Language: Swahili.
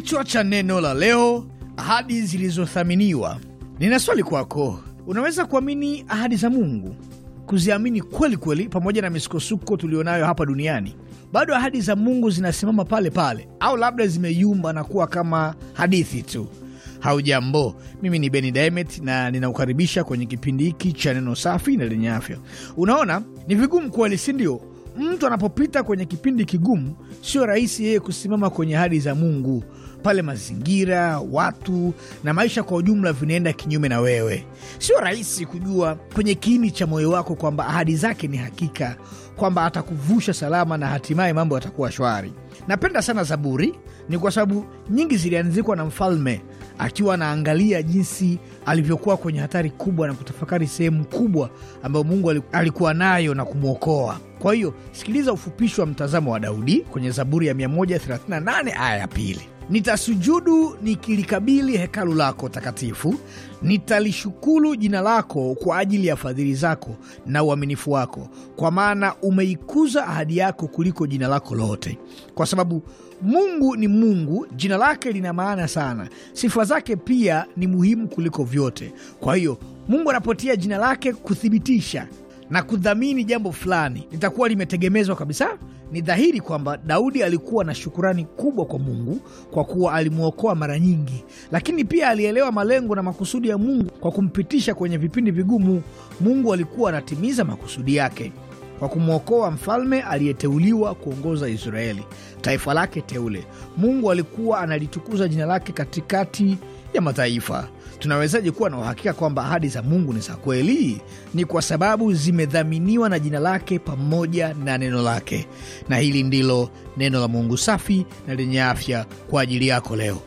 Kichwa cha neno la leo: ahadi zilizothaminiwa. Nina swali kwako, unaweza kuamini ahadi za Mungu, kuziamini kweli kweli, pamoja na misukosuko tulionayo hapa duniani? Bado ahadi za Mungu zinasimama pale pale, au labda zimeyumba na kuwa kama hadithi tu? Haujambo, mimi ni Beni Dimet na ninakukaribisha kwenye kipindi hiki cha neno safi na lenye afya. Unaona, ni vigumu kweli, si ndio? mtu anapopita kwenye kipindi kigumu, sio rahisi yeye kusimama kwenye ahadi za Mungu pale mazingira, watu na maisha kwa ujumla vinaenda kinyume na wewe. Sio rahisi kujua kwenye kiini cha moyo wako kwamba ahadi zake ni hakika, kwamba atakuvusha salama na hatimaye mambo yatakuwa shwari. Napenda sana Zaburi, ni kwa sababu nyingi zilianzikwa na mfalme akiwa anaangalia jinsi alivyokuwa kwenye hatari kubwa na kutafakari sehemu kubwa ambayo Mungu alikuwa nayo na kumwokoa. Kwa hiyo sikiliza ufupishi wa mtazamo wa Daudi kwenye Zaburi ya 138 aya ya pili. Nitasujudu nikilikabili hekalu lako takatifu, nitalishukulu jina lako kwa ajili ya fadhili zako na uaminifu wako, kwa maana umeikuza ahadi yako kuliko jina lako lote. Kwa sababu Mungu ni Mungu, jina lake lina maana sana, sifa zake pia ni muhimu kuliko vyote. Kwa hiyo Mungu anapotia jina lake kuthibitisha na kudhamini jambo fulani litakuwa limetegemezwa kabisa, ni dhahiri kwamba Daudi alikuwa na shukurani kubwa kwa Mungu kwa kuwa alimwokoa mara nyingi, lakini pia alielewa malengo na makusudi ya Mungu kwa kumpitisha kwenye vipindi vigumu. Mungu alikuwa anatimiza makusudi yake kwa kumwokoa mfalme aliyeteuliwa kuongoza Israeli, taifa lake teule. Mungu alikuwa analitukuza jina lake katikati ya mataifa. Tunawezaje kuwa na uhakika kwamba ahadi za Mungu ni za kweli? Ni kwa sababu zimedhaminiwa na jina lake pamoja na neno lake. Na hili ndilo neno la Mungu safi na lenye afya kwa ajili yako leo.